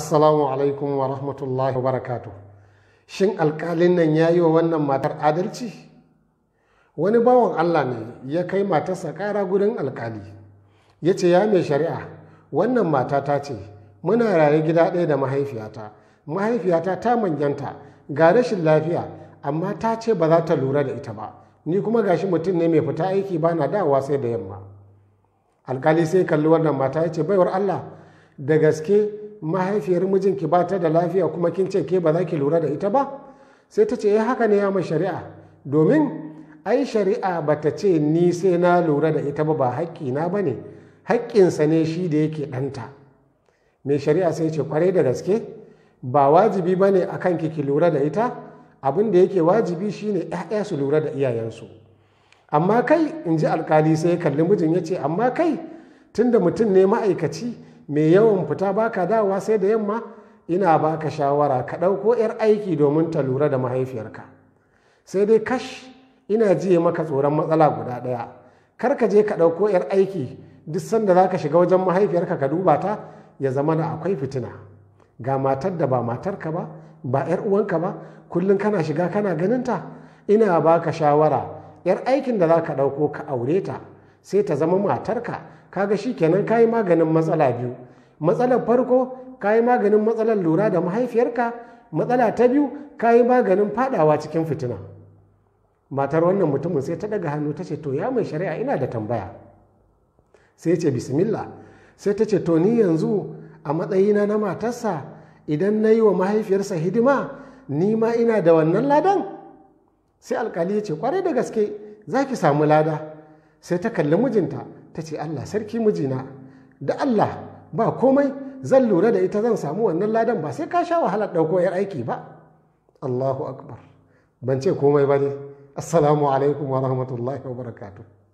assalamu alaikum wa rahmatullahi wa barakatu shin alkalin nan ya yi wa wannan matar adalci wani bawan allah ne ya kai matarsa kara gudun alkali ya ce ya mai shari'a wannan mata ta ce muna raye gida ɗaya da mahaifiyata mahaifiyata ta manyanta ga rashin lafiya amma ta ce ba za ta lura da ita ba ni kuma gashi mutum ne mai fita aiki ba na dawa sai da yamma alkali sai kalli wannan mata ya ce baiwar allah da gaske mahaifiyar mijinki ba ta da lafiya kuma kin ce ke ba za ki lura da ita ba sai ta ce ya eh, haka ne ya mai shari'a domin ai shari'a ba ta ce ni sai na lura da ita ba ba haƙƙina ba ne haƙƙinsa ne shi da yake ɗanta mai shari'a sai ce kwarai da gaske ba wajibi ba ne a kanki ki lura da ita abin da yake wajibi shine 'ya'ya su lura da iyayensu amma kai in ji alkali sai ya kalli mijin ya ce amma kai tunda mutum ne ma'aikaci mai yawan fita baka dawa sai da yamma ina baka shawara ka ɗauko 'yar aiki domin ta lura da mahaifiyarka sai dai kash ina jiye maka tsoron matsala guda ɗaya kar ka je ka ɗauko 'yar aiki duk sanda za ka shiga wajen mahaifiyarka ka duba ta ya zama da akwai fitina ga matar da ba matarka ba ba 'yar uwanka ba kullum kana shiga kana ganin ta ina baka shawara 'yar aikin da za ka ɗauko ka aure ta sai ta zama matarka kaga shi kenan ka yi maganin matsala biyu matsalar farko ka yi maganin matsalar lura da mahaifiyarka matsala ta biyu ka yi maganin fadawa cikin fitina matar wannan mutumin sai ta daga hannu ta ce to ya mai shari'a ina da tambaya sai ce bismillah sai ta ce to ni yanzu a matsayina na matarsa idan na yi wa mahaifiyarsa hidima ni ma ina da wannan ladan sai alkali ya ce kwarai da gaske za ki samu lada sai ta kalli mijinta ta ce allah sarki mijina da allah ba komai zan lura da ita zan samu wannan ladan ba sai ka sha wahalar ɗauko yar aiki ba allahu akbar ban ce komai ba ne assalamu alaikum wa rahmatullahi wa barakatuh